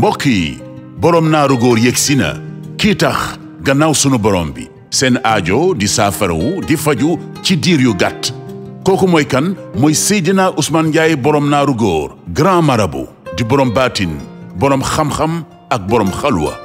mbokk yi borom naaru góor si na kii tax gannaaw sunu borom bi seen aajo di saafarawu di faju ci diir yu gàtt kooku mooy kan mooy Seydina Ousmane Ndiaye borom naaru góor grand marabout di borom baatin borom xam-xam ak borom xalwa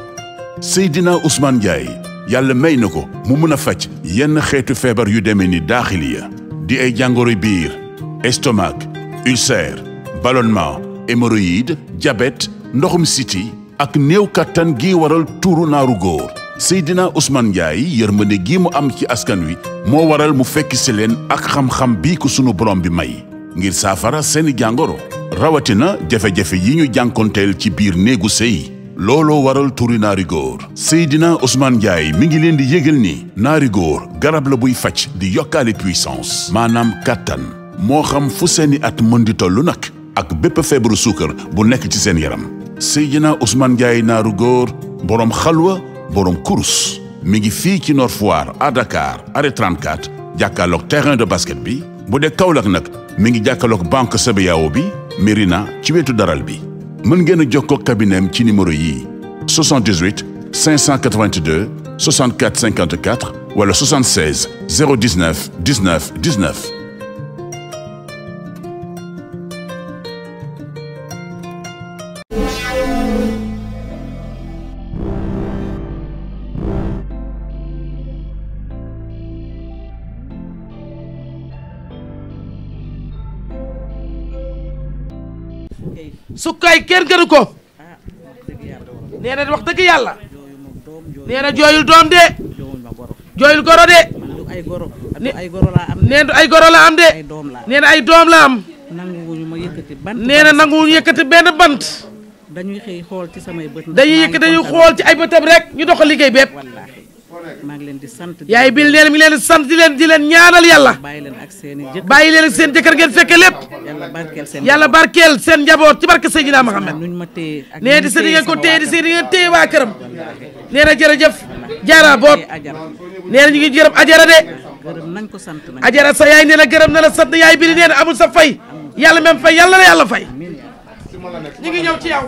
Seydina usmaan Ndiaye yàlla may na ko mu mën a faj yenn xeetu feebar yu demee ni daaxiliya di ay jàngoro biir estomac ulcère ballonnement hémorroïde diabète ndoxum siti ak néew kattan gi waral tuuru naaru góor Seydina Ousmane Ndiaye yërmande gi mu am ci askan wi moo waral mu fekk si leen ak xam-xam bii ko sunu borom bi may ngir saafara seeni jàngoro rawatina jafe-jafe yi ñu jànkonteel ci biir néegu sëy looloo waral turi naari góor Seydina Ousmane Ndiaye mi ngi leen di yëgal ni naari góor garab la buy faj di yokkaale puissance maanaam kàttan moo xam fu seeni at mën di tollu nag ak bépp feebaru suukar bu nekk ci seen yaram Seydina Ousmane Ndiaye naaru góor borom xalwa borom kurus mi ngi fii ci Nord Foire à Dakar arrêt 34 jàkkaarloog terrain de basket bi bu dee Kaolack nag mi ngi jàkkaarloog banque CBAO bi Mérina ci wetu daral bi mën ngeen a jokkoo kabineem ci numéro yii 78 582 64 54 wala 76 019 19 sukkaay kenn gënu ko nee na wax dëgg yàlla nee na jooyul doom de jooyul goro de nee na ay goro la am de nee na ay doom la am nee na nanguwuñu yëkkati benn bant dañuy xëy xool ci samay bët dañuy yëkkati dañuy xool ci ay bëtam rek ñu doxal liggéey bépp maa ngi leen di sant yaay bi nee na mi ngi leen di sant di leen di leen ñaanal yàlla bàyyi leen ak seen jëkkër ngeen fekke lépp yàlla barkeel seen yàlla barkeel seen njaboot ci barke Seydina Mohamed nee di seen ngeen di seen ngeen téye waa nee na jërëjëf jaara boot nee na ñu ngi jërëm ajara de ajara sa yaay nee na gërëm na la sant yaay biri nee na amul sa fay yàlla même fay yàlla la yàlla fay ñu ngi ñëw ci yow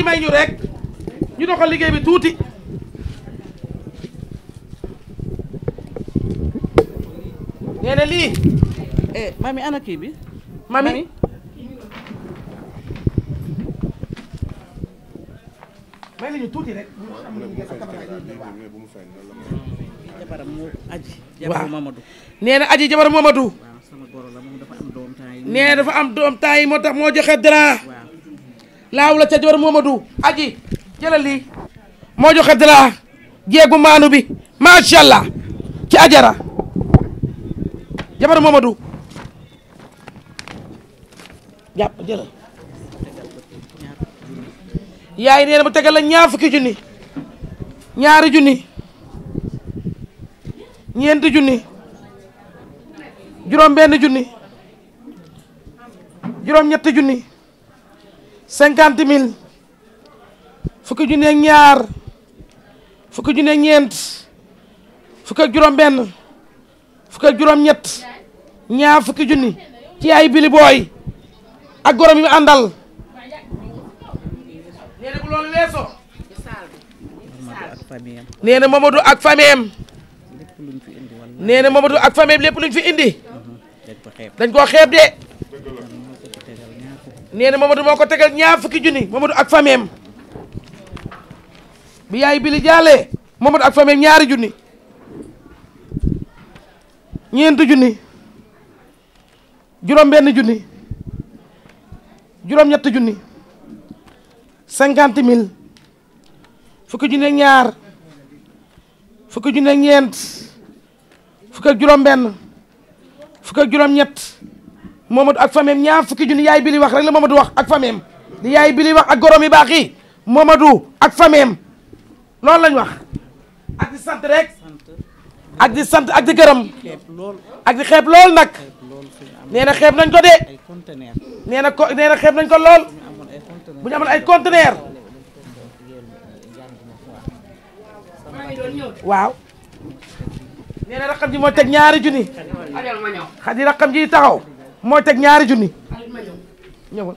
waa ñu doxal liggéey bi tuuti nee na lii eh, mami ana kii bi mami may lañu tuuti rek jabaram moo aji jabaram Mamadou nee na aji jabaram Mamadou nee na dafa am doom temps yi moo tax moo joxe dara laaw la ca jabaram Mamadou aji jëlal moo joxe dara jéegu maanu bi macha allah ci ajara jabaru Mamadou jàpp jëlal yaay nee na tegal la ñaar fukki junni ñaari junni ñeenti junni juróom benn junni juróom ñetti junni cinquante mille fukki junni ak ñaar fukki junni ñeent fukk ak juróom benn fukk juróom ñett ñaar fukki junni ci ay bili booy ak gorom yu àndal nee na bu loolu weesoo nee na Mamadou ak fameem nee na Mamadou ak fameem lépp luñ fi indi dañ koo xeeb de nee na Mamadou moo ko tegal ñaar fukki junni Mamadou ak fameem bi yaay bili jàllee Momadou ak famille ñaari junni ñeenti junni juróom benn junni juróom ñetti junni cinquante mille fukki junni ñaar fukk ak juróom benn fukk ak juróom ak famille ñaar fukki junni yaay bili wax rek la ma Momadou wax ak famille li yaay bili wax ak gorom yi baax yi Momadou ak famille loolu lañ wax ak di sant rek ak di sant ak di gërëm ak di xeeb lool nag nee na xeeb nañ ko de nee na ko nee na nañ ko lool bu ñu amoon ay conteneur waaw nee na raqam ji moo teg ñaari junni xadi raqam ji taxaw moo teg ñaari junni ñëwal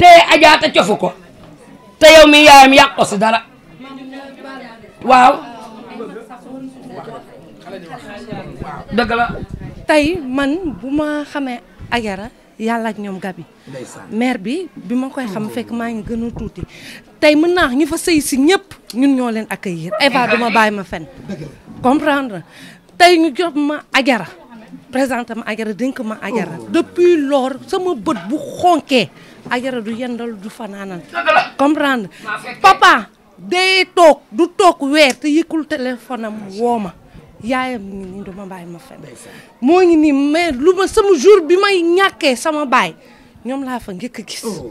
teye ajaata cofu ko te yow mi yaayam yàq ko si dara waaw dëgg tey man bu ma xamee ajara yàlla ak ñoom gabi maire bi bi ma koy xam fekk maa ngi gën a tuuti tey mën naa ñu fa sëy si ñëpp ñun ñoo leen accueillir Eva duma bàyyi ma fen comprendre tey ñu jox ma ajara présenté ma ajara dénk ma ajara oh. depuis lors sama bët bu xonkee ajara du yendal du fanaanal comprendre papa day toog du toog weer te yëkkul téléphone am woo ma yaayam ngi nii duma bàyyi ma fen moo ngi nii lu ma sama jour bi may ñàkkee sama baay ñoom laa fa njëkk a gis oh.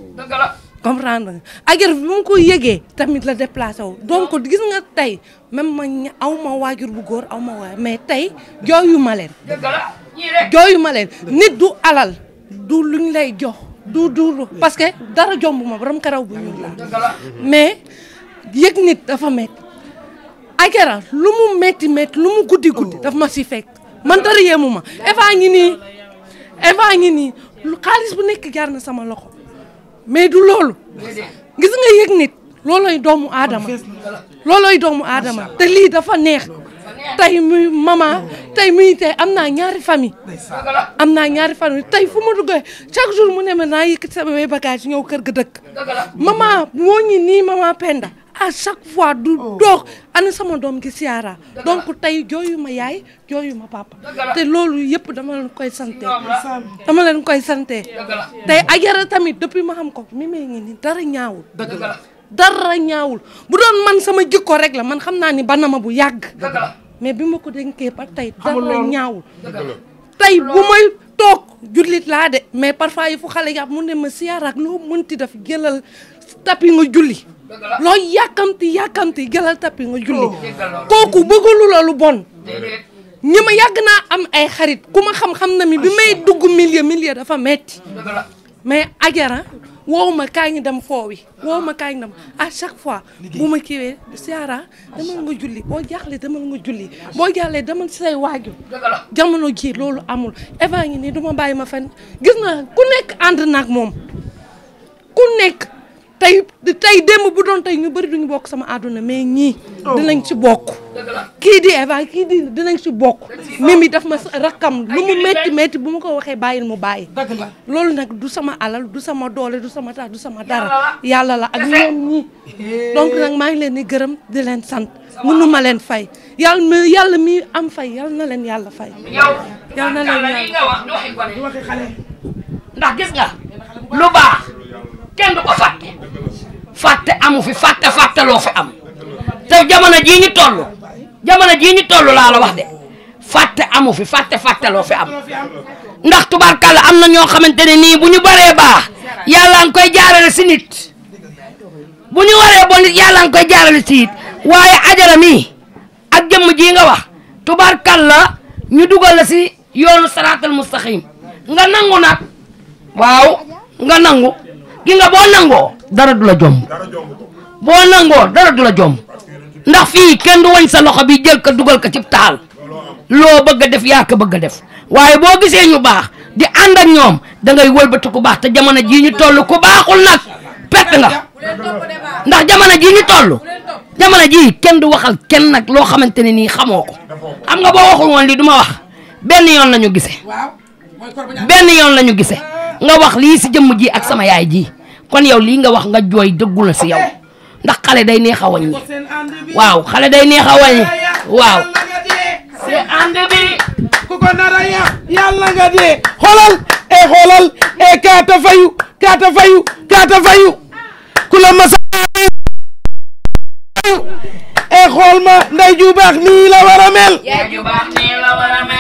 comprendre nga bi mu ko yëgee tamit la déplacé wu donk gis nga tey même ma aw ma waajur bu góor awma ma waay mais tey jooyu ma leen jooyu ma leen nit du alal du luñ lay jox du du parce que dara jomb ma borom karaw bu ñuul la mais yëg nit dafa metti Aïdara lu mu metti metti lu mu guddi guddi daf ma si fekk man dara mu ma Eva ngi nii Eva ngi nii lu xaalis bu nekk jaar na sama loxo mais du loolu gis nga yëg nit loolooy doomu aadama loolooy doomu aadama te lii dafa neex tey muy maman tey muy am naa ñaari famille am naa ñaari famille tey fu ma duggee chaque jour mu ne ma naa yëkkati samay bagage ñëw kër ga dëkk maman moo ñi nii maman Penda à chaque fois du doog oh. ana sama doom gi siyaara donc tey jooyu ma yaay jooyu ma papa te loolu yëpp dama koy sante dama leen koy sante tey ajara tamit depuis ma xam ko mi mee ngi ni dara ñaawul dara ñaawul bu doon man sama jikko rek man xam naa ni banama bu yàgg mais bi ma ko dénkee par tey dara ñaawul tey bu may toog jullit laa de mais parfois yi fu xale yàpp mu ne ma siyaar ak loo mënti def jëlal tapi nga julli loo yàkkamti yàkkamti jëlal tapi nga julli oh. kooku bëggalu la lu bon ñi ma yàgg naa am ay xarit ku ma xam-xam na mi bi may dugg milieu milieu dafa metti mais Ajara woowu ma kaa ñu dem foowi woowu ma kaay ñu dem à chaque fois bu ma kiiwee siara demal nga julli boo jaaxlee demal nga julli boo jaaxlee demal si say waajur jamono loolu amul Eva ngi nii du ma bàyyi ma fen gis na ku nekk ànd nag moom ku nekk tey tey démb bu doon tey bari bëri duñu bokk sama àdduna mais ñii oh. dinañ si bokk kii di Eva kii di dinañ si bokk Mimi daf ma rakkam lu mu métti métti bu ma ko waxee bàyyil mu bàyyi loolu nag du sama alal du sama doole du sama tax du sama dara yàlla la ak ñoom ñii donc nag maa ngi leen di gërëm di leen sant mënu ma leen fay yàlla yàlla mi am fay yàlla na leen yàlla fay yàlla na leen yàlla kenn du ko fàtte fàtte amu fi fàtte fàttaloo fi am te jamono ji ñu toll jamono jii ñu toll laa la wax de fàtte amu fi fàtte fàttaloo fi am ndax tubaarkàlla am na ñoo xamante ne nii bu ñu baree baax yàlla nga koy jaarale si nit bu ñu waree bon nit yàlla nga koy jaarale si nit waaye ajara nii ak jëmm jii nga wax tubaarkàlla ñu dugal la si yoonu saraatal mustaqim nga nangu nag waaw nga nangu gi nga boo nangoo dara du la jomb boo nangoo dara du la jomb ndax fii kenn du wañ sa loxo bi jël ko dugal ko cib taal loo bëgg a def yaa ko bëgg a def waaye boo gisee ñu baax di ànd ak ñoom da ngay wëlbati ku baax te jamono jii ñu toll ku baaxul nag pett nga ndax jamono jii ñu toll jamono jii kenn du waxal kenn nag loo xamante ne nii xamoo ko xam nga boo waxul woon lii du ma wax benn yoon la ñu gisee benn yoon la ñu gisee nga wax lii si jëmm ji ak sama yaay ji kon yow lii nga wax nga jooy dëggu la si yow ndax xale day neex a wàññi xale day neex a wàññi waaw. e xoolal e kaata fayu kaata fayu kaata fayu ku la masa e eh, xool ma nday ju nii la war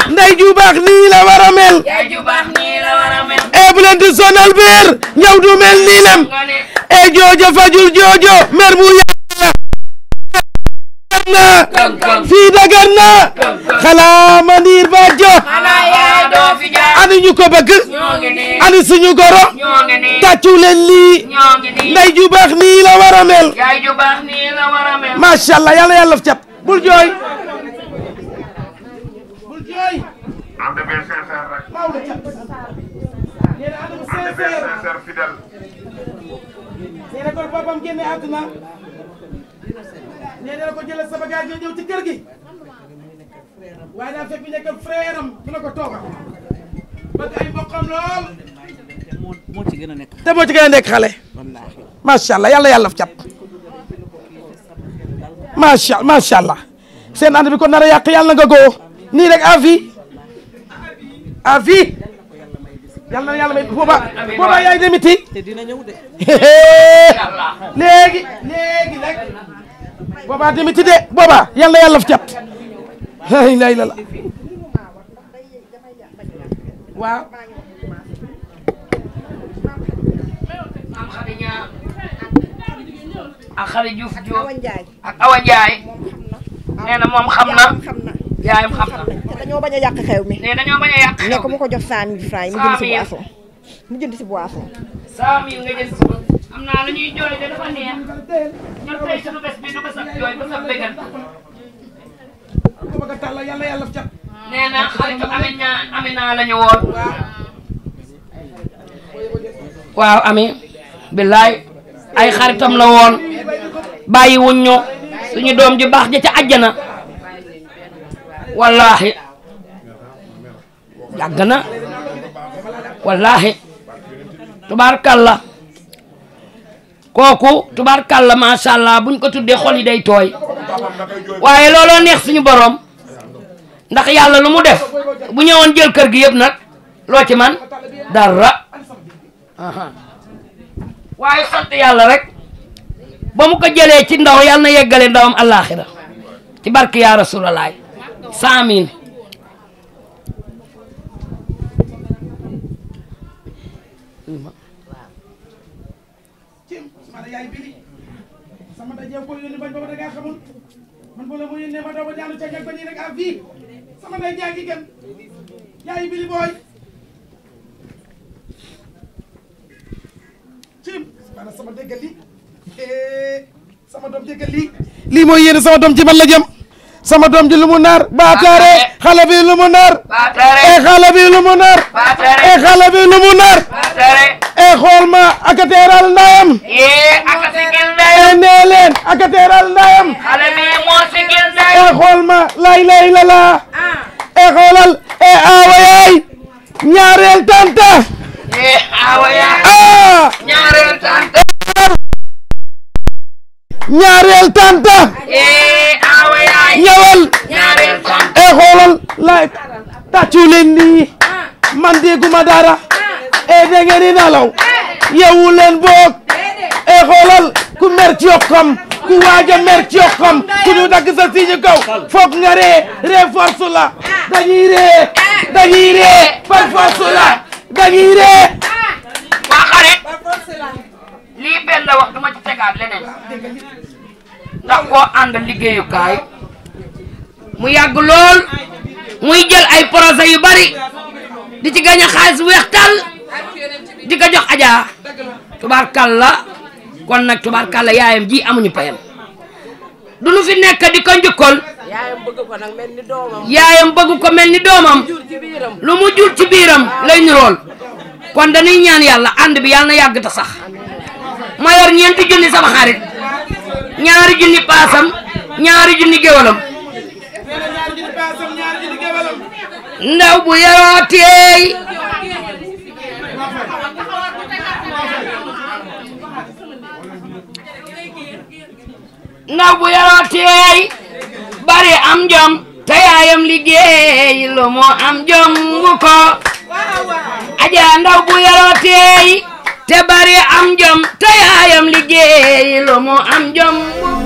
nday ju nii la war waaye bu leen di sonal biir du mel nii lem e joojo fajul joojo mer mu yàlla na fii dagar na xalaa mandiir baajo ani ñu ko bëgg ani suñu goro tàccu leen lii nday ju baax nii la war mel macha allah yàlla yàlla fi cap bul jooy am na benn sincère fidèle. nee na kon boppam génne àdduna. nee na ko jëlal sa bagage ñëw ci kër gi. waaye daal fekk nekkal frère am bu na ko toogal. bëgg ay mboqam lool. moo ci gën a nekk te moo ci gën a nekk xale. macha allah yàlla yàlla cat. macha macha allah. seen ànd bi kon nar a yàq yàlla nga góo. nii rek avis. avis. yàlla na yàlla may boobaa boobaa yaay demiti te dina ñëw de léegi léegi rek boobaa demiti de boobaa yàlla na yàlla fi lay la la waaw maam xadi ñaa ak xadi dañoo bañ a yàq xew mi. ne dañoo a yàq xew mi ne ko mu ko jox cent mille mu jënd si boisson mu woon. waaw ami billaay ay xaritam la woon bàyyi suñu doom ju ja ca àjjana wallaahi yàgg na wallaahi tubaarkàlla kooku tubaarkàlla macha allah buñ ko tuddee xol yi day tooy waaye looloo neex suñu borom ndax yàlla lu mu def bu ñëwoon jël kër gi yëpp nag loo ci man dara waaye sant yàlla rek ba mu ko jëlee ci ndaw yàlla na yeggale ndawam àllaaxira ci barke yaa rasulalaay saamin ma waaw cim Ousmane yaay biri sama sama nday jaagi gem lii mooy yéene sama doom ci man la jëm sama doom ji lu mu naar baataare xale bi lu mu naar e eh, xale bi lu mu naar e eh, xale bi lu mu naar e xool ma aka teeral ndayam yee aka sigil ndayam e nee e xool ma lay lay la laa e xoolal e aawa yaay ñaareel tanta e aa ñaareel tanta ñaareel tanta ñaareel tanta xoolal lay tàccu leen nii ah. man e da nalaw yeewu leen boog eh, ku mer ci ku waaj mer ci ku ñu dagg sa si ñu nga ree ree force la ree dañuy ree ree waa xarit lii benn la wax duma ci tegaat leneen ndax koo liggéeyukaay mu yàgg lool muy jël ay projet yu bari di ci xaalis weex di ko jox Adja tubaarkalla kon nag tubaarkalla yaayam ji amuñu payam du nu fi nekk di ko njukkal yaayam bëgg ko mel ni doomam yaayam bëgg ko lu mu jur ci biiram lay nirool kon dañuy ñaan yàlla ànd bi yàlla na yàgg ta sax ma ñeenti junni sama xarit ñaari junni paasam ñaari junni géwalam ndaw bu yorootee ndaw bu bari am jom te yaayam liggéey lu mu am jom bu ko ndaw bu te bari am jom te yaayam liggéey lu am jom